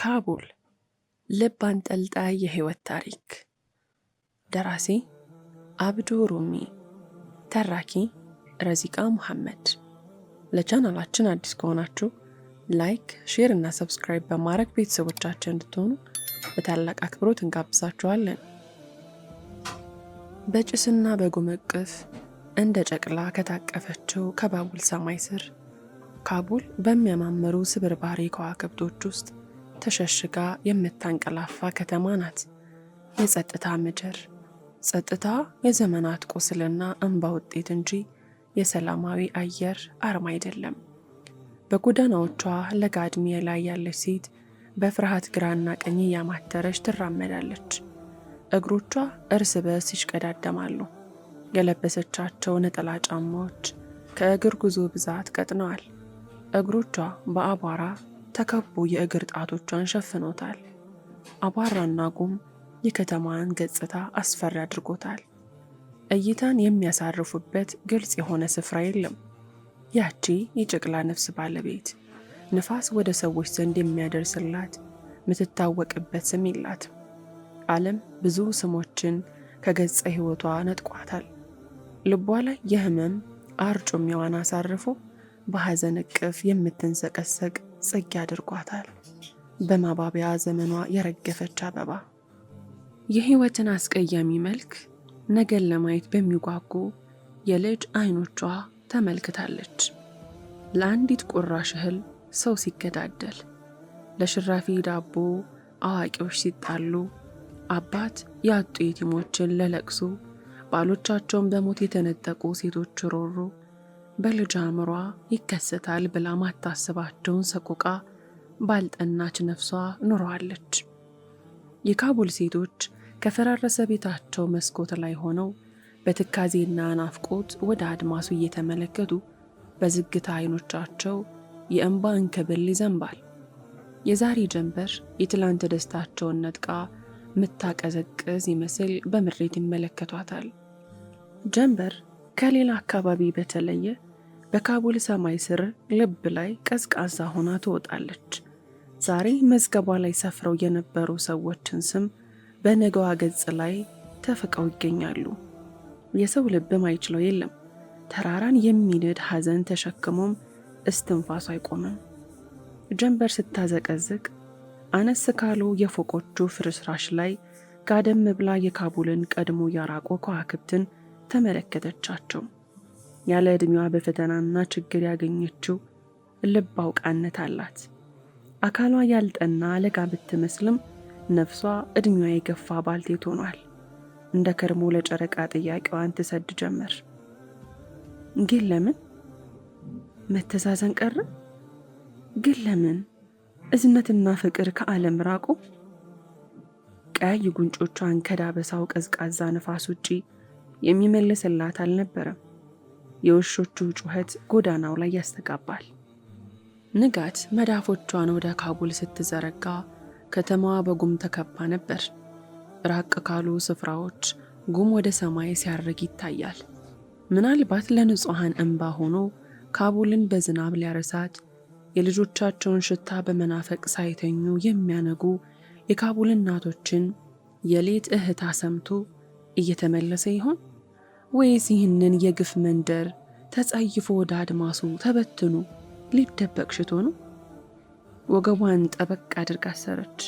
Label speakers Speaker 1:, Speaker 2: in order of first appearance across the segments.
Speaker 1: ካቡል ልብ አንጠልጣይ የህይወት ታሪክ ደራሲ አብዱ ሩሚ፣ ተራኪ ረዚቃ መሐመድ። ለቻናላችን አዲስ ከሆናችሁ ላይክ፣ ሼር እና ሰብስክራይብ በማድረግ ቤተሰቦቻችን እንድትሆኑ በታላቅ አክብሮት እንጋብዛችኋለን። በጭስና በጉም እቅፍ እንደ ጨቅላ ከታቀፈችው ከባቡል ሰማይ ስር ካቡል በሚያማምሩ ስብርባሪ ከዋክብቶች ውስጥ ተሸሽጋ የምታንቀላፋ ከተማ ናት። የጸጥታ ምድር። ጸጥታ የዘመናት ቁስልና እንባ ውጤት እንጂ የሰላማዊ አየር አርማ አይደለም። በጎዳናዎቿ ለጋ ዕድሜ ላይ ያለች ሴት በፍርሃት ግራና ቀኝ እያማተረች ትራመዳለች። እግሮቿ እርስ በርስ ይሽቀዳደማሉ። የለበሰቻቸው ነጠላ ጫማዎች ከእግር ጉዞ ብዛት ቀጥነዋል። እግሮቿ በአቧራ ተከቦ የእግር ጣቶቿን ሸፍኖታል። አቧራና ጉም የከተማዋን ገጽታ አስፈሪ አድርጎታል። እይታን የሚያሳርፉበት ግልጽ የሆነ ስፍራ የለም። ያቺ የጨቅላ ነፍስ ባለቤት ንፋስ ወደ ሰዎች ዘንድ የሚያደርስላት የምትታወቅበት ስም ይላት! ዓለም ብዙ ስሞችን ከገጸ ሕይወቷ ነጥቋታል። ልቧ ላይ የህመም አርጩሜዋን አሳርፎ በሐዘን እቅፍ የምትንሰቀሰቅ ጽጌ አድርጓታል። በማባቢያ ዘመኗ የረገፈች አበባ የህይወትን አስቀያሚ መልክ ነገን ለማየት በሚጓጉ የልጅ አይኖቿ ተመልክታለች። ለአንዲት ቁራሽ እህል ሰው ሲገዳደል፣ ለሽራፊ ዳቦ አዋቂዎች ሲጣሉ፣ አባት ያጡ የቲሞችን ለለቅሱ ባሎቻቸውን በሞት የተነጠቁ ሴቶች ሮሩ፣ በልጅ አእምሯ ይከሰታል ብላ ማታስባቸውን ሰቆቃ ባልጠናች ነፍሷ ኑሯለች። የካቡል ሴቶች ከፈራረሰ ቤታቸው መስኮት ላይ ሆነው በትካዜና ናፍቆት ወደ አድማሱ እየተመለከቱ በዝግታ አይኖቻቸው የእንባ እንክብል ይዘንባል። የዛሬ ጀንበር የትላንት ደስታቸውን ነጥቃ ምታቀዘቅዝ ይመስል በምሬት ይመለከቷታል። ጀንበር ከሌላ አካባቢ በተለየ በካቡል ሰማይ ስር ልብ ላይ ቀዝቃዛ ሆና ትወጣለች። ዛሬ መዝገቧ ላይ ሰፍረው የነበሩ ሰዎችን ስም በነገዋ ገጽ ላይ ተፍቀው ይገኛሉ። የሰው ልብ ማይችለው የለም። ተራራን የሚንድ ሐዘን ተሸክሞም እስትንፋሱ አይቆምም። ጀንበር ስታዘቀዝቅ አነስ ካሉ የፎቆቹ ፍርስራሽ ላይ ጋደም ብላ የካቡልን ቀድሞ ያራቆ ከዋክብትን ተመለከተቻቸው። ያለ ዕድሜዋ በፈተናና ችግር ያገኘችው ልብ አውቃነት አላት። አካሏ ያልጠና ለጋ ብትመስልም ነፍሷ ዕድሜዋ የገፋ ባልቴት ሆኗል። እንደ ከርሞ ለጨረቃ ጥያቄዋን ትሰድ ጀመር። ግን ለምን መተዛዘን ቀረ? ግን ለምን እዝነትና ፍቅር ከዓለም ራቁ? ቀያይ ጉንጮቿን ከዳበሳው ቀዝቃዛ ነፋስ ውጪ የሚመልስላት አልነበረም። የውሾቹ ጩኸት ጎዳናው ላይ ያስተጋባል። ንጋት መዳፎቿን ወደ ካቡል ስትዘረጋ ከተማዋ በጉም ተከባ ነበር። ራቅ ካሉ ስፍራዎች ጉም ወደ ሰማይ ሲያርግ ይታያል። ምናልባት ለንጹሐን እንባ ሆኖ ካቡልን በዝናብ ሊያረሳት የልጆቻቸውን ሽታ በመናፈቅ ሳይተኙ የሚያነጉ የካቡል እናቶችን የሌት እህታ ሰምቶ እየተመለሰ ይሆን? ወይስ ይህንን የግፍ መንደር ተጸይፎ ወደ አድማሱ ተበትኖ ሊደበቅ ሽቶ ነው? ወገቧን ጠበቅ አድርጋ አሰረች።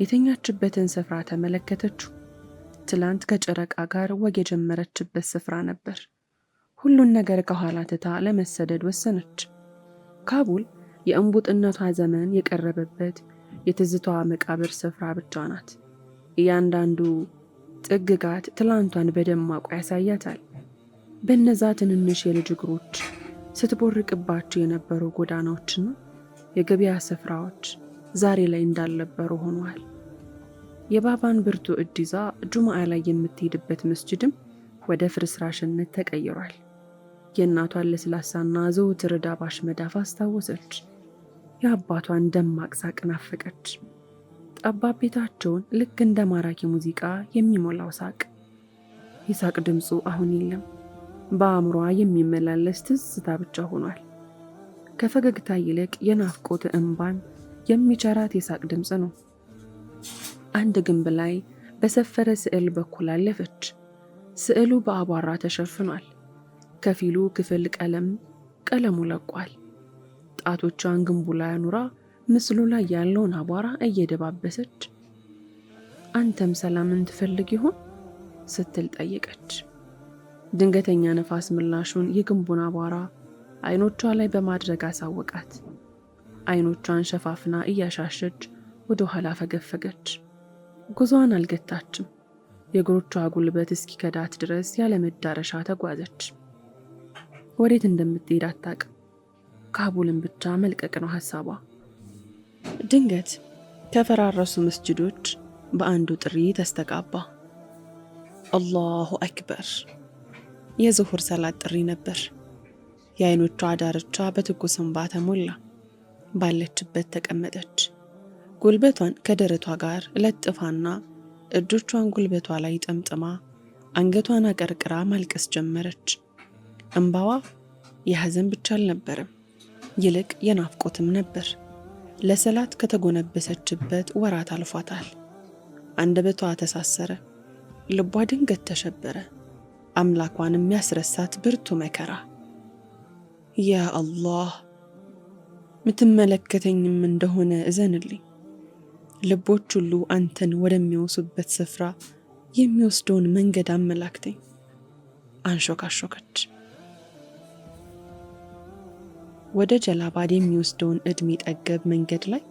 Speaker 1: የተኛችበትን ስፍራ ተመለከተችው። ትላንት ከጨረቃ ጋር ወግ የጀመረችበት ስፍራ ነበር። ሁሉን ነገር ከኋላ ትታ ለመሰደድ ወሰነች። ካቡል የእንቡጥነቷ ዘመን የቀረበበት የትዝቷ መቃብር ስፍራ ብቻ ናት። እያንዳንዱ ጥግጋት ትላንቷን በደማቁ ያሳያታል። በእነዛ ትንንሽ የልጅ እግሮች ስትቦርቅባቸው የነበሩ ጎዳናዎችና የገበያ ስፍራዎች ዛሬ ላይ እንዳልነበሩ ሆነዋል። የባባን ብርቱ እጅ ይዛ ጁማአ ላይ የምትሄድበት መስጅድም ወደ ፍርስራሽነት ተቀይሯል። የእናቷን ለስላሳና ዘውትር ዳባሽ መዳፍ አስታወሰች። የአባቷን ደማቅ ሳቅ ናፈቀች። ጠባብ ቤታቸውን ልክ እንደ ማራኪ ሙዚቃ የሚሞላው ሳቅ። የሳቅ ድምፁ አሁን የለም። በአእምሯ የሚመላለስ ትዝታ ብቻ ሆኗል። ከፈገግታ ይልቅ የናፍቆት እንባን የሚቸራት የሳቅ ድምፅ ነው። አንድ ግንብ ላይ በሰፈረ ስዕል በኩል አለፈች። ስዕሉ በአቧራ ተሸፍኗል። ከፊሉ ክፍል ቀለም ቀለሙ ለቋል። ጣቶቿን ግንቡ ላይ አኑራ ምስሉ ላይ ያለውን አቧራ እየደባበሰች አንተም ሰላምን ትፈልግ ይሆን ስትል ጠየቀች። ድንገተኛ ነፋስ ምላሹን የግንቡን አቧራ አይኖቿ ላይ በማድረግ አሳወቃት። አይኖቿን ሸፋፍና እያሻሸች ወደ ኋላ ፈገፈገች። ጉዞዋን አልገታችም። የእግሮቿ ጉልበት እስኪከዳት ድረስ ያለ መዳረሻ ተጓዘች። ወዴት እንደምትሄድ አታቅም። ካቡልን ብቻ መልቀቅ ነው ሀሳቧ። ድንገት ከፈራረሱ መስጅዶች በአንዱ ጥሪ ተስተጋባ። አላሁ አክበር! የዙሁር ሰላት ጥሪ ነበር። የአይኖቿ ዳርቻ በትኩስ እንባ ተሞላ። ባለችበት ተቀመጠች። ጉልበቷን ከደረቷ ጋር ለጥፋና እጆቿን ጉልበቷ ላይ ጠምጥማ አንገቷን አቀርቅራ ማልቀስ ጀመረች። እንባዋ የሐዘን ብቻ አልነበረም፣ ይልቅ የናፍቆትም ነበር። ለሰላት ከተጎነበሰችበት ወራት አልፏታል። አንደበቷ ተሳሰረ፣ ልቧ ድንገት ተሸበረ። አምላኳን የሚያስረሳት ብርቱ መከራ። ያ አላህ ምትመለከተኝም እንደሆነ እዘንልኝ፣ ልቦች ሁሉ አንተን ወደሚወሱበት ስፍራ የሚወስደውን መንገድ አመላክተኝ። አንሾካሾከች። ወደ ጀላባድ የሚወስደውን ዕድሜ ጠገብ መንገድ ላይ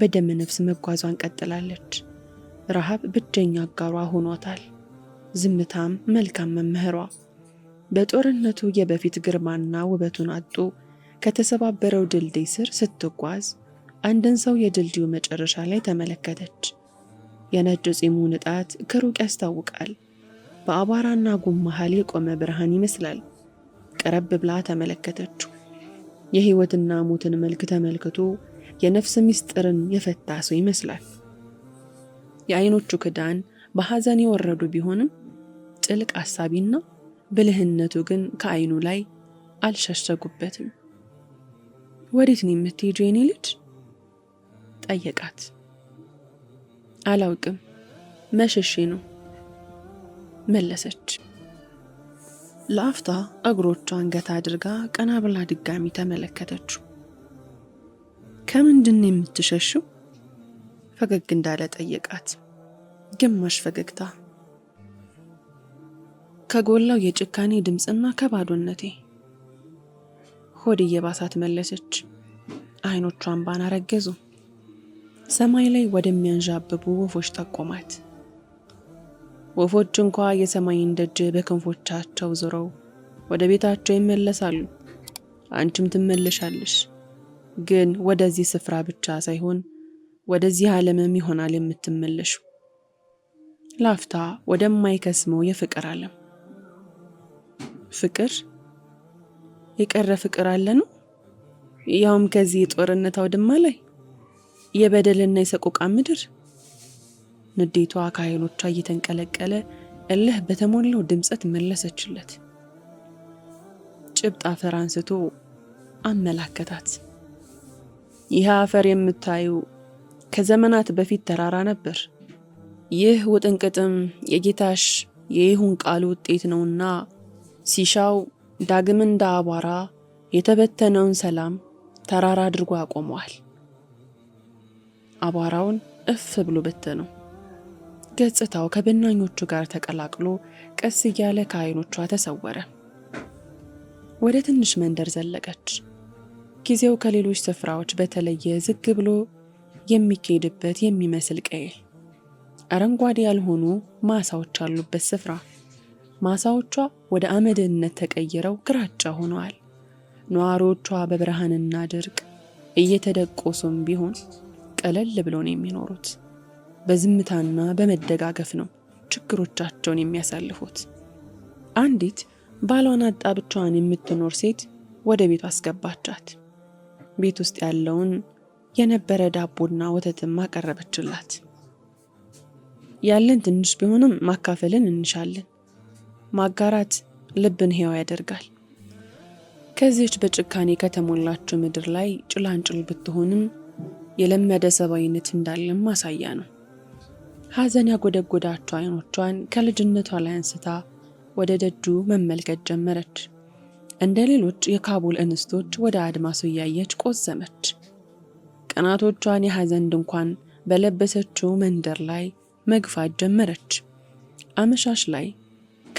Speaker 1: በደመ ነፍስ መጓዟን ቀጥላለች። ረሃብ ብቸኛ አጋሯ ሆኗታል። ዝምታም መልካም መምህሯ። በጦርነቱ የበፊት ግርማና ውበቱን አጡ። ከተሰባበረው ድልድይ ስር ስትጓዝ አንድን ሰው የድልድዩ መጨረሻ ላይ ተመለከተች። የነጭ ጺሙ ንጣት ከሩቅ ያስታውቃል። በአቧራና ጉም መሃል የቆመ ብርሃን ይመስላል። ቀረብ ብላ ተመለከተችው። የህይወትና ሞትን መልክ ተመልክቶ የነፍስ ምስጢርን የፈታ ሰው ይመስላል። የአይኖቹ ክዳን በሐዘን የወረዱ ቢሆንም ጥልቅ አሳቢና ብልህነቱ ግን ከአይኑ ላይ አልሸሸጉበትም። ወዴት ነው የምትሄጂው የኔ ልጅ? ጠየቃት። አላውቅም መሸሼ ነው መለሰች። ለአፍታ እግሮቿ አንገት አድርጋ ቀና ብላ ድጋሚ ተመለከተችው። ከምንድን የምትሸሽው? ፈገግ እንዳለ ጠየቃት። ግማሽ ፈገግታ ከጎላው የጭካኔ ድምፅና ከባዶነቴ ሆድ እየባሳት መለሰች። አይኖቿን ባና ረገዙ። ሰማይ ላይ ወደሚያንዣብቡ ወፎች ጠቆማት። ወፎች እንኳ የሰማይን ደጅ በክንፎቻቸው ዞረው ወደ ቤታቸው ይመለሳሉ። አንቺም ትመለሻለሽ፣ ግን ወደዚህ ስፍራ ብቻ ሳይሆን ወደዚህ ዓለምም ይሆናል የምትመለሹ፣ ላፍታ ወደማይከስመው የፍቅር ዓለም። ፍቅር የቀረ ፍቅር አለ ነው? ያውም ከዚህ የጦርነት አውድማ ላይ የበደልና የሰቆቃ ምድር ንዴቷ ከኃይሎቿ እየተንቀለቀለ እልህ በተሞላው ድምፀት መለሰችለት። ጭብጥ አፈር አንስቶ አመላከታት። ይህ አፈር የምታዩ ከዘመናት በፊት ተራራ ነበር። ይህ ውጥንቅጥም የጌታሽ የይሁን ቃል ውጤት ነውና ሲሻው ዳግም እንደ አቧራ የተበተነውን ሰላም ተራራ አድርጎ አቆመዋል። አቧራውን እፍ ብሎ በተነው። ገጽታው ከበናኞቹ ጋር ተቀላቅሎ ቀስ እያለ ከአይኖቿ ተሰወረ። ወደ ትንሽ መንደር ዘለቀች። ጊዜው ከሌሎች ስፍራዎች በተለየ ዝግ ብሎ የሚካሄድበት የሚመስል ቀይ። አረንጓዴ ያልሆኑ ማሳዎች ያሉበት ስፍራ። ማሳዎቿ ወደ አመድነት ተቀይረው ግራጫ ሆነዋል። ነዋሪዎቿ በብርሃንና ድርቅ እየተደቆሱም ቢሆን ቀለል ብሎ ነው የሚኖሩት። በዝምታና በመደጋገፍ ነው ችግሮቻቸውን የሚያሳልፉት። አንዲት ባሏን አጣ ብቻዋን የምትኖር ሴት ወደ ቤቱ አስገባቻት። ቤት ውስጥ ያለውን የነበረ ዳቦና ወተትም አቀረበችላት። ያለን ትንሽ ቢሆንም ማካፈልን እንሻለን። ማጋራት ልብን ሕያው ያደርጋል። ከዚች በጭካኔ ከተሞላችው ምድር ላይ ጭላንጭል ብትሆንም የለመደ ሰብአዊነት እንዳለም ማሳያ ነው። ሐዘን ያጎደጎዳቸው አይኖቿን ከልጅነቷ ላይ አንስታ ወደ ደጁ መመልከት ጀመረች። እንደ ሌሎች የካቡል እንስቶች ወደ አድማሱ እያየች ቆዘመች። ቀናቶቿን የሐዘን ድንኳን በለበሰችው መንደር ላይ መግፋት ጀመረች። አመሻሽ ላይ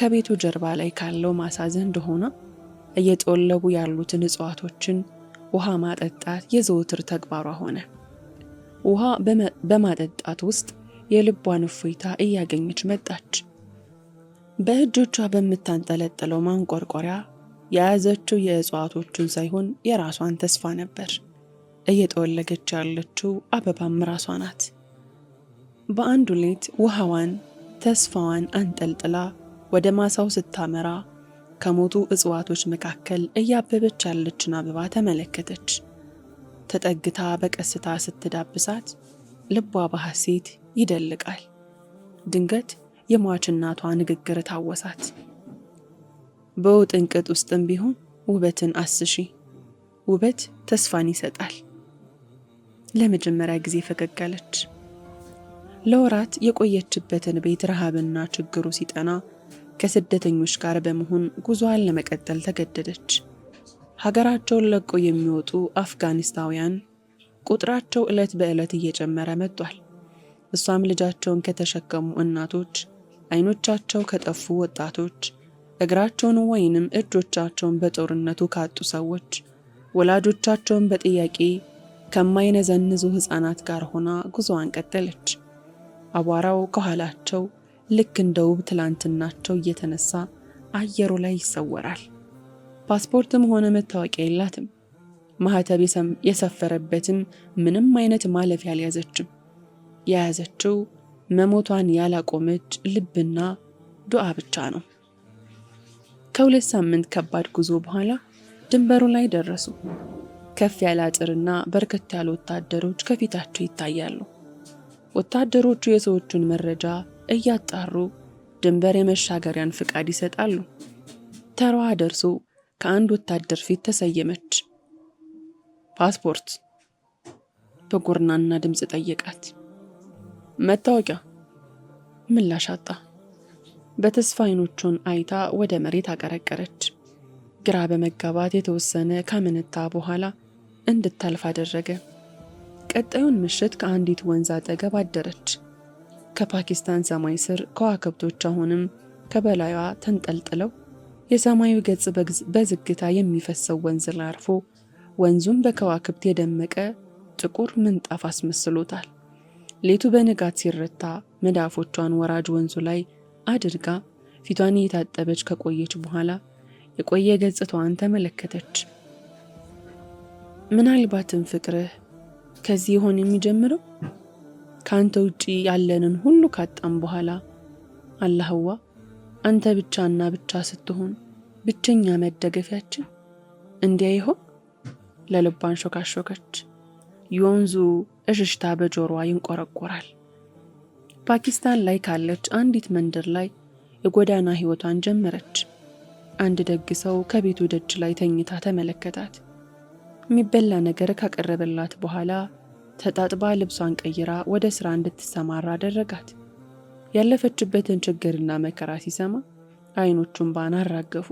Speaker 1: ከቤቱ ጀርባ ላይ ካለው ማሳዘን እንደሆነ እየጠወለጉ ያሉትን እጽዋቶችን ውሃ ማጠጣት የዘወትር ተግባሯ ሆነ። ውሃ በማጠጣት ውስጥ የልቧን እፎይታ እያገኘች መጣች። በእጆቿ በምታንጠለጥለው ማንቆርቆሪያ የያዘችው የእጽዋቶቹን ሳይሆን የራሷን ተስፋ ነበር። እየጠወለገች ያለችው አበባም ራሷ ናት። በአንዱ ሌት ውሃዋን፣ ተስፋዋን አንጠልጥላ ወደ ማሳው ስታመራ ከሞቱ እጽዋቶች መካከል እያበበች ያለችን አበባ ተመለከተች። ተጠግታ በቀስታ ስትዳብሳት ልቧ በሐሴት ይደልቃል። ድንገት የሟች እናቷ ንግግር ታወሳት። በውጥንቅጥ ውስጥም ቢሆን ውበትን አስሺ፣ ውበት ተስፋን ይሰጣል። ለመጀመሪያ ጊዜ ፈገግ አለች። ለወራት የቆየችበትን ቤት ረሃብና ችግሩ ሲጠና ከስደተኞች ጋር በመሆን ጉዞዋን ለመቀጠል ተገደደች። ሀገራቸውን ለቀው የሚወጡ አፍጋኒስታውያን ቁጥራቸው ዕለት በዕለት እየጨመረ መጥቷል። እሷም ልጃቸውን ከተሸከሙ እናቶች፣ አይኖቻቸው ከጠፉ ወጣቶች፣ እግራቸውን ወይንም እጆቻቸውን በጦርነቱ ካጡ ሰዎች፣ ወላጆቻቸውን በጥያቄ ከማይነዘንዙ ሕፃናት ጋር ሆና ጉዞዋን ቀጠለች። አቧራው ከኋላቸው ልክ እንደ ውብ ትላንትናቸው እየተነሳ አየሩ ላይ ይሰወራል። ፓስፖርትም ሆነ መታወቂያ የላትም። ማህተብ የሰፈረበትም ምንም አይነት ማለፊያ አልያዘችም። የያዘችው መሞቷን ያላቆመች ልብና ዱዓ ብቻ ነው። ከሁለት ሳምንት ከባድ ጉዞ በኋላ ድንበሩ ላይ ደረሱ። ከፍ ያለ አጥርና በርከት ያሉ ወታደሮች ከፊታቸው ይታያሉ። ወታደሮቹ የሰዎቹን መረጃ እያጣሩ ድንበር የመሻገሪያን ፍቃድ ይሰጣሉ። ተራዋ ደርሶ ከአንድ ወታደር ፊት ተሰየመች። ፓስፖርት በጎርናና ድምፅ ጠየቃት። መታወቂያ ምላሽ አጣ። በተስፋ አይኖቹን አይታ ወደ መሬት አቀረቀረች። ግራ በመጋባት የተወሰነ ካመነታ በኋላ እንድታልፍ አደረገ። ቀጣዩን ምሽት ከአንዲት ወንዝ አጠገብ አደረች። ከፓኪስታን ሰማይ ስር ከዋክብቶች አሁንም ከበላይዋ ተንጠልጥለው የሰማዩ ገጽ በዝግታ የሚፈሰው ወንዝ ላይ አርፎ ወንዙም በከዋክብት የደመቀ ጥቁር ምንጣፍ አስመስሎታል። ሌቱ በንጋት ሲረታ መዳፎቿን ወራጅ ወንዙ ላይ አድርጋ ፊቷን እየታጠበች ከቆየች በኋላ የቆየ ገጽታዋን ተመለከተች። ምናልባትም ፍቅርህ ከዚህ ይሆን የሚጀምረው? ከአንተ ውጪ ያለንን ሁሉ ካጣም በኋላ አላህዋ አንተ ብቻና ብቻ ስትሆን ብቸኛ መደገፊያችን እንዲያ ይሆን? ለልቧን ሾካሾከች። የወንዙ እሽሽታ በጆሮዋ ይንቆረቆራል። ፓኪስታን ላይ ካለች አንዲት መንደር ላይ የጎዳና ሕይወቷን ጀመረች። አንድ ደግ ሰው ከቤቱ ደጅ ላይ ተኝታ ተመለከታት። የሚበላ ነገር ካቀረበላት በኋላ ተጣጥባ ልብሷን ቀይራ ወደ ሥራ እንድትሰማራ አደረጋት። ያለፈችበትን ችግርና መከራ ሲሰማ አይኖቹን ባን አራገፉ።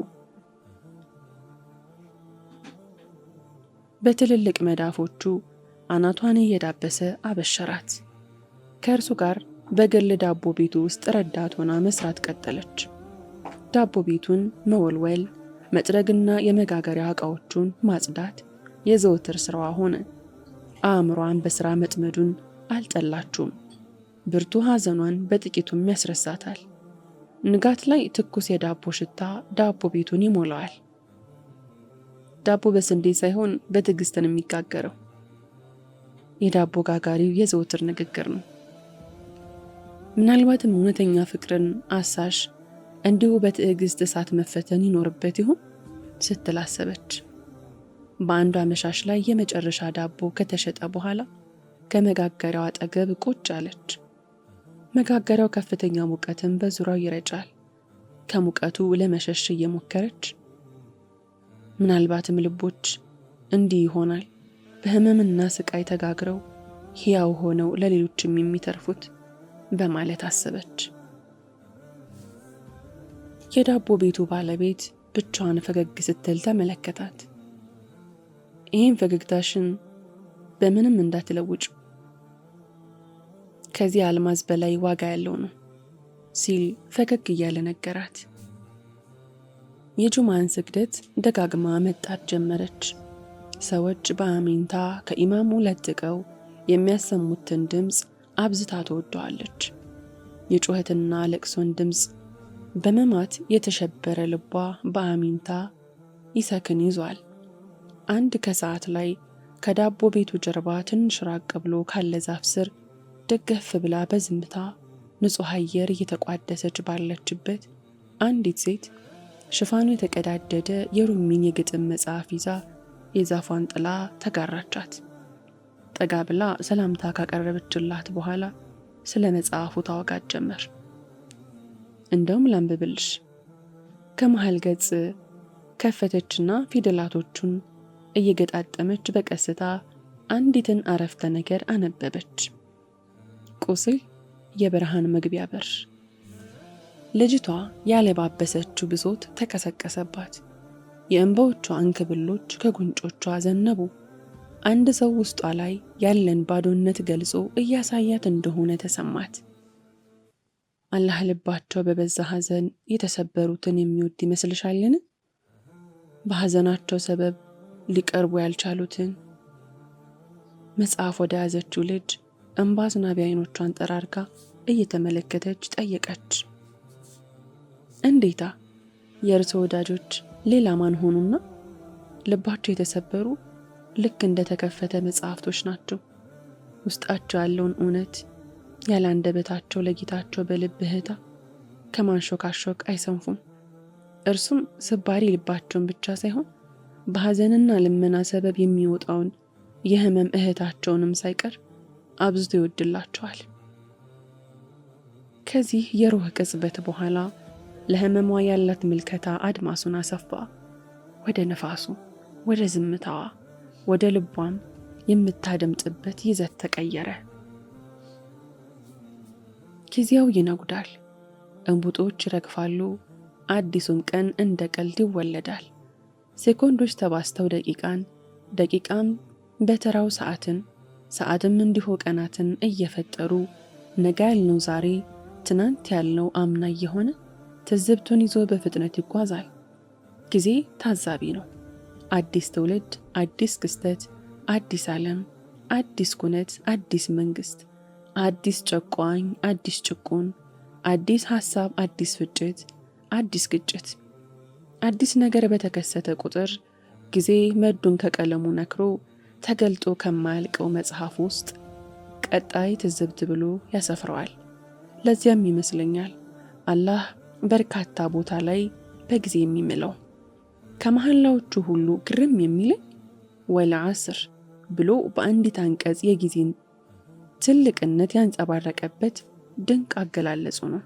Speaker 1: በትልልቅ መዳፎቹ አናቷን እየዳበሰ አበሸራት። ከእርሱ ጋር በግል ዳቦ ቤቱ ውስጥ ረዳት ሆና መስራት ቀጠለች። ዳቦ ቤቱን መወልወል፣ መጥረግና የመጋገሪያ ዕቃዎቹን ማጽዳት የዘወትር ስራዋ ሆነ። አእምሯን በሥራ መጥመዱን አልጠላችውም። ብርቱ ሐዘኗን በጥቂቱም ያስረሳታል። ንጋት ላይ ትኩስ የዳቦ ሽታ ዳቦ ቤቱን ይሞላዋል። ዳቦ በስንዴ ሳይሆን በትዕግስት ነው የሚጋገረው። የዳቦ ጋጋሪው የዘወትር ንግግር ነው። ምናልባትም እውነተኛ ፍቅርን አሳሽ እንዲሁ በትዕግስት እሳት መፈተን ይኖርበት ይሆን ስትል አሰበች። በአንዷ አመሻሽ ላይ የመጨረሻ ዳቦ ከተሸጠ በኋላ ከመጋገሪያው አጠገብ ቁጭ አለች። መጋገሪያው ከፍተኛ ሙቀትን በዙሪያው ይረጫል። ከሙቀቱ ለመሸሽ እየሞከረች ምናልባትም ልቦች እንዲህ ይሆናል በህመምና ስቃይ ተጋግረው ሕያው ሆነው ለሌሎችም የሚተርፉት በማለት አሰበች። የዳቦ ቤቱ ባለቤት ብቻዋን ፈገግ ስትል ተመለከታት። ይህም ፈገግታሽን በምንም እንዳትለውጭ ከዚህ አልማዝ በላይ ዋጋ ያለው ነው ሲል ፈገግ እያለ ነገራት። የጁማን ስግደት ደጋግማ መጣት ጀመረች። ሰዎች በአሜንታ ከኢማሙ ለጥቀው የሚያሰሙትን ድምፅ አብዝታ ትወደዋለች። የጩኸትና ለቅሶን ድምፅ በመማት የተሸበረ ልቧ በአሜንታ ይሰክን ይዟል። አንድ ከሰዓት ላይ ከዳቦ ቤቱ ጀርባ ትንሽ ራቅ ብሎ ካለ ዛፍ ስር ደገፍ ብላ በዝምታ ንጹሕ አየር እየተቋደሰች ባለችበት አንዲት ሴት ሽፋኑ የተቀዳደደ የሩሚን የግጥም መጽሐፍ ይዛ የዛፏን ጥላ ተጋራቻት። ጠጋ ብላ ሰላምታ ካቀረበችላት በኋላ ስለ መጽሐፉ ታወጋት ጀመር። እንደውም ላንብብልሽ። ከመሃል ገጽ ከፈተችና ፊደላቶቹን እየገጣጠመች በቀስታ አንዲትን አረፍተ ነገር አነበበች። ቁስል የብርሃን መግቢያ በር። ልጅቷ ያለባበሰችው ብሶት ተቀሰቀሰባት። የእንባዎቿ እንክብሎች ከጉንጮቿ ዘነቡ። አንድ ሰው ውስጧ ላይ ያለን ባዶነት ገልጾ እያሳያት እንደሆነ ተሰማት። አላህ ልባቸው በበዛ ሐዘን የተሰበሩትን የሚወድ ይመስልሻልን? በሐዘናቸው ሰበብ ሊቀርቡ ያልቻሉትን መጽሐፍ ወደ ያዘችው ልጅ እንባ አዝናቢ አይኖቿን ጠራርጋ እየተመለከተች ጠየቀች። እንዴታ የእርሶ ወዳጆች ሌላ ማን ሆኑና ልባቸው የተሰበሩ ልክ እንደተከፈተ መጽሐፍቶች ናቸው። ውስጣቸው ያለውን እውነት ያለ አንደበታቸው ለጌታቸው በልብ እህታ ከማንሾካሾክ አይሰንፉም። እርሱም ስባሪ ልባቸውን ብቻ ሳይሆን በሐዘንና ልመና ሰበብ የሚወጣውን የህመም እህታቸውንም ሳይቀር አብዝቶ ይወድላቸዋል። ከዚህ የሩህ ቅጽበት በኋላ ለህመሟ ያላት ምልከታ አድማሱን አሰፋ። ወደ ነፋሱ፣ ወደ ዝምታዋ፣ ወደ ልቧም የምታደምጥበት ይዘት ተቀየረ። ጊዜያው ይነጉዳል፣ እንቡጦች ይረግፋሉ፣ አዲሱም ቀን እንደ ቀልድ ይወለዳል። ሴኮንዶች ተባስተው ደቂቃን፣ ደቂቃም በተራው ሰዓትን፣ ሰዓትም እንዲሁ ቀናትን እየፈጠሩ ነገ ያልነው ዛሬ ትናንት ያልነው አምና እየሆነ ትዝብቱን ይዞ በፍጥነት ይጓዛል። ጊዜ ታዛቢ ነው። አዲስ ትውልድ፣ አዲስ ክስተት፣ አዲስ ዓለም፣ አዲስ ኩነት፣ አዲስ መንግስት፣ አዲስ ጨቋኝ፣ አዲስ ጭቁን፣ አዲስ ሐሳብ፣ አዲስ ፍጭት፣ አዲስ ግጭት። አዲስ ነገር በተከሰተ ቁጥር ጊዜ መዱን ከቀለሙ ነክሮ ተገልጦ ከማያልቀው መጽሐፍ ውስጥ ቀጣይ ትዝብት ብሎ ያሰፍረዋል። ለዚያም ይመስለኛል አላህ በርካታ ቦታ ላይ በጊዜ የሚምለው ከመሐላዎቹ ሁሉ ግርም የሚለኝ ወል ዓስር ብሎ በአንዲት አንቀጽ የጊዜን ትልቅነት ያንጸባረቀበት ድንቅ አገላለጹ ነው።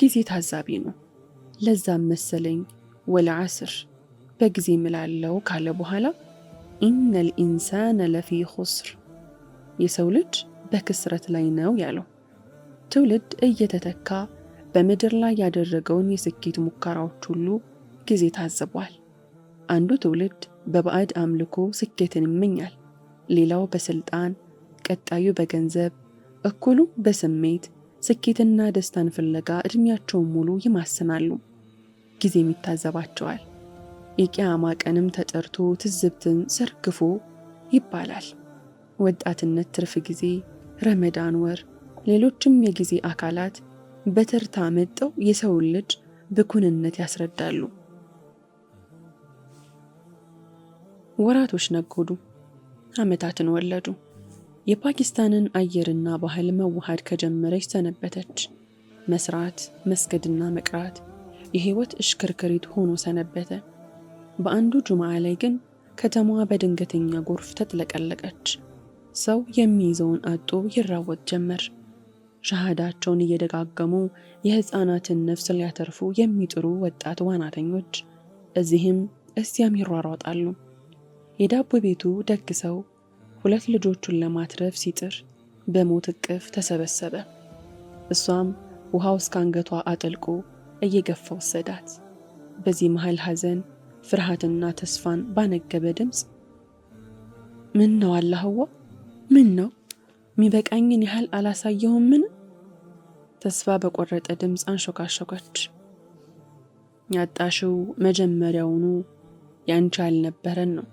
Speaker 1: ጊዜ ታዛቢ ነው። ለዛም መሰለኝ ወል በጊዜ ምላለው ካለ በኋላ ኢነል ኢንሳነ ለፊ ኹስር የሰው ልጅ በክስረት ላይ ነው ያለው። ትውልድ እየተተካ በምድር ላይ ያደረገውን የስኬት ሙከራዎች ሁሉ ጊዜ ታዝቧል። አንዱ ትውልድ በባዕድ አምልኮ ስኬትን ይመኛል፣ ሌላው በስልጣን፣ ቀጣዩ በገንዘብ፣ እኩሉ በስሜት ስኬትና ደስታን ፍለጋ ዕድሜያቸውን ሙሉ ይማስናሉ። ጊዜም ይታዘባቸዋል። የቂያማ ቀንም ተጠርቶ ትዝብትን ዘርግፎ ይባላል። ወጣትነት፣ ትርፍ ጊዜ፣ ረመዳን ወር፣ ሌሎችም የጊዜ አካላት በተርታ መጠው የሰውን ልጅ ብኩንነት ያስረዳሉ። ወራቶች ነጎዱ፣ ዓመታትን ወለዱ። የፓኪስታንን አየርና ባህል መዋሃድ ከጀመረች ሰነበተች። መስራት፣ መስገድና መቅራት የህይወት እሽክርክሪት ሆኖ ሰነበተ። በአንዱ ጁምዓ ላይ ግን ከተማዋ በድንገተኛ ጎርፍ ተጥለቀለቀች። ሰው የሚይዘውን አጦ ይራወጥ ጀመር። ሻሃዳቸውን እየደጋገሙ የሕፃናትን ነፍስ ሊያተርፉ የሚጥሩ ወጣት ዋናተኞች እዚህም እዚያም ይሯሯጣሉ። የዳቦ ቤቱ ደግ ሰው ሁለት ልጆቹን ለማትረፍ ሲጥር በሞት እቅፍ ተሰበሰበ። እሷም ውሃው እስከ አንገቷ አጠልቆ እየገፋ ወሰዳት። በዚህ መሃል ሐዘን፣ ፍርሃትና ተስፋን ባነገበ ድምፅ ምን ነው አላህዋ ምን ነው የሚበቃኝን ያህል አላሳየውምን? ተስፋ በቆረጠ ድምፅ አንሾካሾከች። ያጣሽው መጀመሪያውኑ ያንቺ አልነበረን ነው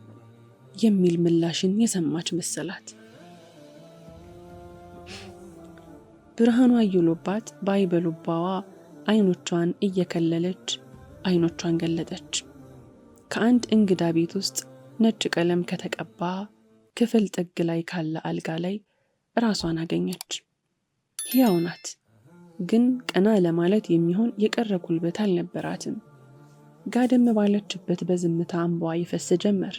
Speaker 1: የሚል ምላሽን የሰማች መሰላት። ብርሃኗ አየሎባት ባይበሉባዋ አይኖቿን እየከለለች አይኖቿን ገለጠች። ከአንድ እንግዳ ቤት ውስጥ ነጭ ቀለም ከተቀባ ክፍል ጥግ ላይ ካለ አልጋ ላይ ራሷን አገኘች። ሕያው ናት፣ ግን ቀና ለማለት የሚሆን የቀረ ጉልበት አልነበራትም። ጋደም ባለችበት በዝምታ እንባዋ ይፈስ ጀመር።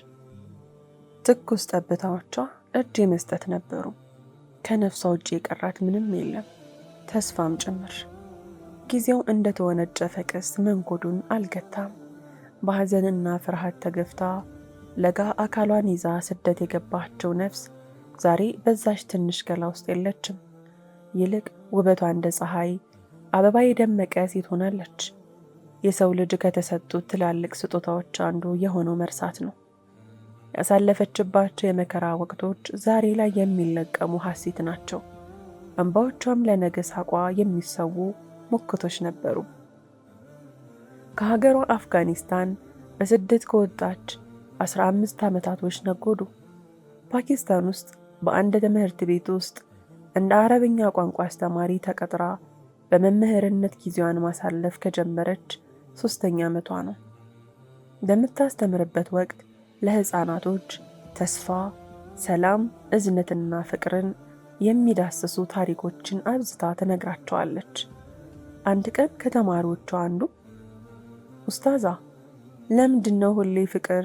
Speaker 1: ትኩስ ጠብታዎቿ እጅ የመስጠት ነበሩ። ከነፍሷ ውጭ የቀራት ምንም የለም፣ ተስፋም ጭምር። ጊዜው እንደተወነጨፈ ቀስት መንጎዱን አልገታም። በሐዘንና ፍርሃት ተገፍታ ለጋ አካሏን ይዛ ስደት የገባችው ነፍስ ዛሬ በዛች ትንሽ ገላ ውስጥ የለችም። ይልቅ ውበቷ እንደ ፀሐይ አበባ የደመቀ ሴት ሆናለች። የሰው ልጅ ከተሰጡት ትላልቅ ስጦታዎች አንዱ የሆነው መርሳት ነው። ያሳለፈችባቸው የመከራ ወቅቶች ዛሬ ላይ የሚለቀሙ ሐሴት ናቸው። እንባዎቿም ለነገ ሳቋ የሚሰዉ ሙክቶች ነበሩ። ከሀገሯ አፍጋኒስታን በስደት ከወጣች አምስት ዓመታቶች ነጎዱ። ፓኪስታን ውስጥ በአንድ ትምህርት ቤት ውስጥ እንደ አረብኛ ቋንቋ አስተማሪ ተቀጥራ በመምህርነት ጊዜዋን ማሳለፍ ከጀመረች ሶስተኛ ዓመቷ ነው። በምታስተምርበት ወቅት ለሕፃናቶች ተስፋ፣ ሰላም፣ እዝነትና ፍቅርን የሚዳስሱ ታሪኮችን አብዝታ ትነግራቸዋለች። አንድ ቀን ከተማሪዎቿ አንዱ ኡስታዛ፣ ለምንድን ነው ሁሌ ፍቅር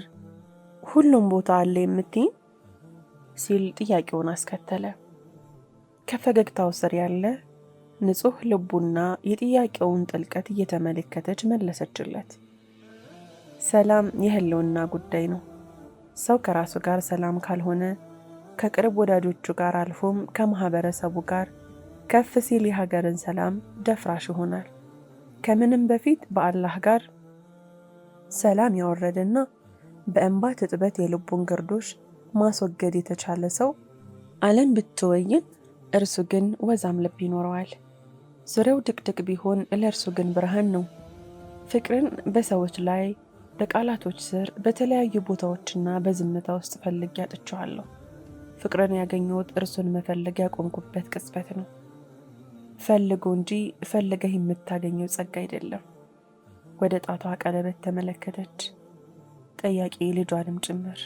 Speaker 1: ሁሉም ቦታ አለ የምትይኝ? ሲል ጥያቄውን አስከተለ። ከፈገግታው ስር ያለ ንጹህ ልቡና የጥያቄውን ጥልቀት እየተመለከተች መለሰችለት። ሰላም የህልውና ጉዳይ ነው። ሰው ከራሱ ጋር ሰላም ካልሆነ ከቅርብ ወዳጆቹ ጋር አልፎም ከማህበረሰቡ ጋር ከፍ ሲል የሀገርን ሰላም ደፍራሽ ይሆናል። ከምንም በፊት በአላህ ጋር ሰላም ያወረደና በእንባ እጥበት የልቡን ግርዶሽ ማስወገድ የተቻለ ሰው ዓለም ብትወይን፣ እርሱ ግን ወዛም ልብ ይኖረዋል። ዙሪያው ድቅድቅ ቢሆን ለእርሱ ግን ብርሃን ነው። ፍቅርን በሰዎች ላይ በቃላቶች ስር በተለያዩ ቦታዎችና በዝምታ ውስጥ ፈልጌ አጥቼዋለሁ። ፍቅርን ያገኘሁት እርሱን መፈለግ ያቆምኩበት ቅጽበት ነው። ፈልጎ እንጂ ፈልገህ የምታገኘው ጸጋ አይደለም። ወደ ጣቷ ቀለበት ተመለከተች፣ ጠያቂ ልጇንም ጭምር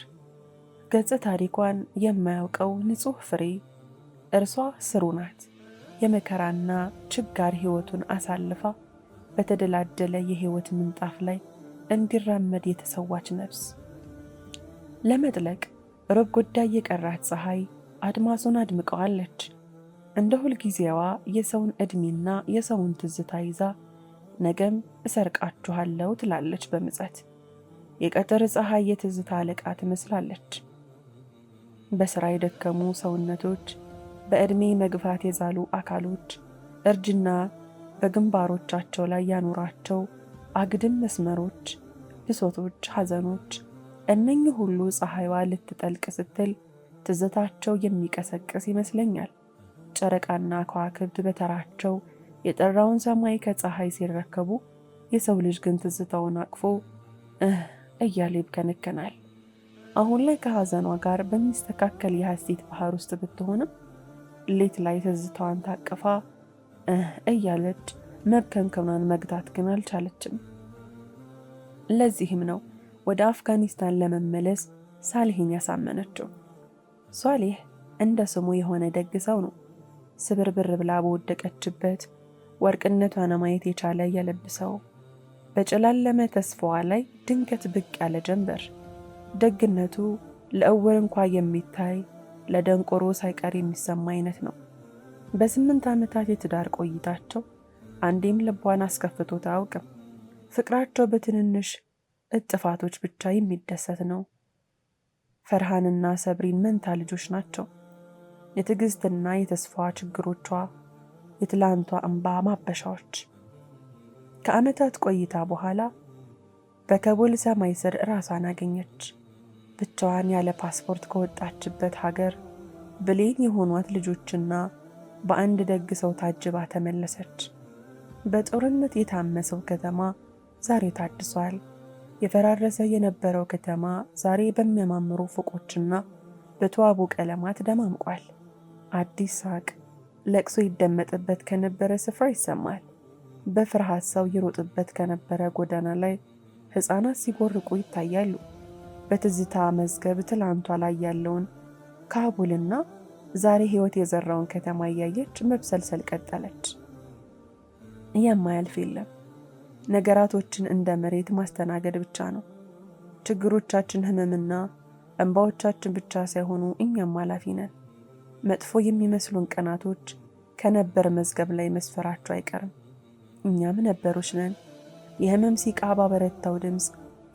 Speaker 1: ገጸ ታሪኳን የማያውቀው ንጹሕ ፍሬ እርሷ ስሩ ናት። የመከራና ችጋር ሕይወቱን አሳልፋ በተደላደለ የሕይወት ምንጣፍ ላይ እንዲራመድ የተሰዋች ነፍስ ለመጥለቅ ሩብ ጉዳይ የቀራት ፀሐይ አድማሱን አድምቀዋለች። እንደ ሁልጊዜዋ የሰውን ዕድሜና የሰውን ትዝታ ይዛ ነገም እሰርቃችኋለሁ ትላለች በምጸት። የቀትር ፀሐይ የትዝታ አለቃ ትመስላለች። በሥራ የደከሙ ሰውነቶች፣ በዕድሜ መግፋት የዛሉ አካሎች፣ እርጅና በግንባሮቻቸው ላይ ያኖራቸው አግድም መስመሮች፣ ብሶቶች፣ ሐዘኖች፣ እነኚህ ሁሉ ፀሐይዋ ልትጠልቅ ስትል ትዝታቸው የሚቀሰቅስ ይመስለኛል። ጨረቃና ከዋክብት በተራቸው የጠራውን ሰማይ ከፀሐይ ሲረከቡ፣ የሰው ልጅ ግን ትዝታውን አቅፎ እህ እያለ ይብከነከናል። አሁን ላይ ከሀዘኗ ጋር በሚስተካከል የሀሴት ባህር ውስጥ ብትሆንም ሌት ላይ ትዝታዋን ታቅፋ እያለች መብከንከኗን መግታት ግን አልቻለችም። ለዚህም ነው ወደ አፍጋኒስታን ለመመለስ ሳሌህን ያሳመነችው። ሷሌህ እንደ ስሙ የሆነ ደግ ሰው ነው። ስብርብር ብላ በወደቀችበት ወርቅነቷን ማየት የቻለ የልብ ሰው፣ በጨላለመ ተስፋዋ ላይ ድንገት ብቅ ያለ ጀንበር ደግነቱ ለእውር እንኳ የሚታይ ለደንቆሮ ሳይቀር የሚሰማ አይነት ነው። በስምንት ዓመታት የትዳር ቆይታቸው አንዴም ልቧን አስከፍቶት አያውቅም። ፍቅራቸው በትንንሽ እጥፋቶች ብቻ የሚደሰት ነው። ፈርሃንና ሰብሪን መንታ ልጆች ናቸው። የትዕግስትና የተስፋዋ ችግሮቿ፣ የትላንቷ እንባ ማበሻዎች። ከዓመታት ቆይታ በኋላ በከቡል ሰማይ ስር ራሷን አገኘች። ብቻዋን ያለ ፓስፖርት ከወጣችበት ሀገር ብሌን የሆኗት ልጆችና በአንድ ደግ ሰው ታጅባ ተመለሰች። በጦርነት የታመሰው ከተማ ዛሬ ታድሷል። የፈራረሰ የነበረው ከተማ ዛሬ በሚያማምሩ ፎቆችና በተዋቡ ቀለማት ደማምቋል። አዲስ ሳቅ፣ ለቅሶ ይደመጥበት ከነበረ ስፍራ ይሰማል። በፍርሃት ሰው ይሮጥበት ከነበረ ጎዳና ላይ ሕፃናት ሲቦርቁ ይታያሉ። በትዝታ መዝገብ ትላንቷ ላይ ያለውን ካቡልና ዛሬ ሕይወት የዘራውን ከተማ እያየች መብሰልሰል ቀጠለች። የማያልፍ የለም። ነገራቶችን እንደ መሬት ማስተናገድ ብቻ ነው። ችግሮቻችን ህመምና እንባዎቻችን ብቻ ሳይሆኑ እኛም ኃላፊ ነን። መጥፎ የሚመስሉን ቀናቶች ከነበር መዝገብ ላይ መስፈራቸው አይቀርም። እኛም ነበሮች ነን። የህመም ሲቃ ባበረታው ድምፅ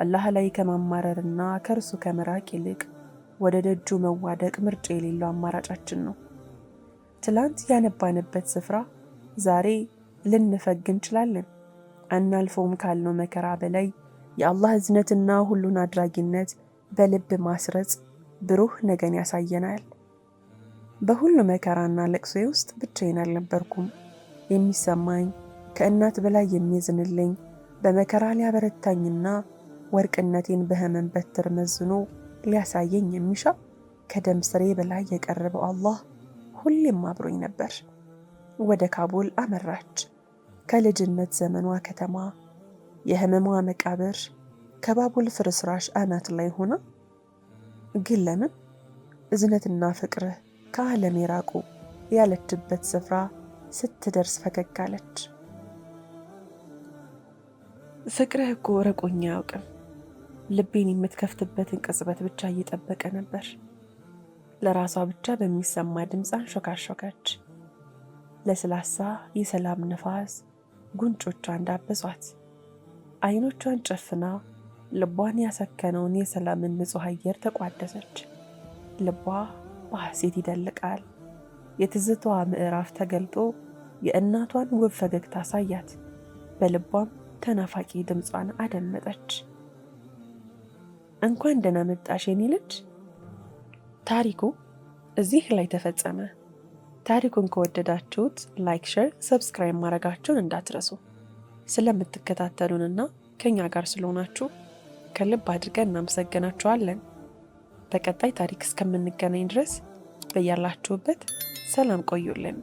Speaker 1: አላህ ላይ ከማማረርና ከእርሱ ከመራቅ ይልቅ ወደ ደጁ መዋደቅ ምርጫ የሌለው አማራጫችን ነው። ትላንት ያነባንበት ስፍራ ዛሬ ልንፈግ እንችላለን። አናልፎም ካልነው መከራ በላይ የአላህ እዝነትና ሁሉን አድራጊነት በልብ ማስረጽ ብሩህ ነገን ያሳየናል። በሁሉ መከራና ለቅሶ ውስጥ ብቻዬን አልነበርኩም። የሚሰማኝ ከእናት በላይ የሚዝንልኝ በመከራ ሊያበረታኝና ወርቅነቴን በሕመም በትር መዝኖ ሊያሳየኝ የሚሻ ከደም ስሬ በላይ የቀረበው አላህ ሁሌም አብሮኝ ነበር። ወደ ካቡል አመራች። ከልጅነት ዘመኗ ከተማ የህመሟ መቃብር ከባቡል ፍርስራሽ አናት ላይ ሆና ግን ለምን እዝነትና ፍቅርህ ከዓለም የራቁ ያለችበት ስፍራ ስትደርስ ፈገግ አለች። ፍቅርህ እኮ ርቆኝ አያውቅም። ልቤን የምትከፍትበትን ቅጽበት ብቻ እየጠበቀ ነበር። ለራሷ ብቻ በሚሰማ ድምፅ አንሾካሾከች። ለስላሳ የሰላም ነፋስ ጉንጮቿን እንዳበሷት አይኖቿን ጨፍና ልቧን ያሰከነውን የሰላምን ንጹሕ አየር ተቋደሰች። ልቧ በሐሴት ይደልቃል። የትዝቷ ምዕራፍ ተገልጦ የእናቷን ውብ ፈገግታ አሳያት። በልቧም ተናፋቂ ድምጿን አደመጠች። እንኳን ደህና መጣሽ የኔ ልጅ። ታሪኩ እዚህ ላይ ተፈጸመ። ታሪኩን ከወደዳችሁት ላይክ፣ ሼር፣ ሰብስክራይብ ማድረጋችሁን እንዳትረሱ። ስለምትከታተሉንና ከኛ ጋር ስለሆናችሁ ከልብ አድርገን እናመሰግናችኋለን። በቀጣይ ታሪክ እስከምንገናኝ ድረስ በያላችሁበት ሰላም ቆዩልን።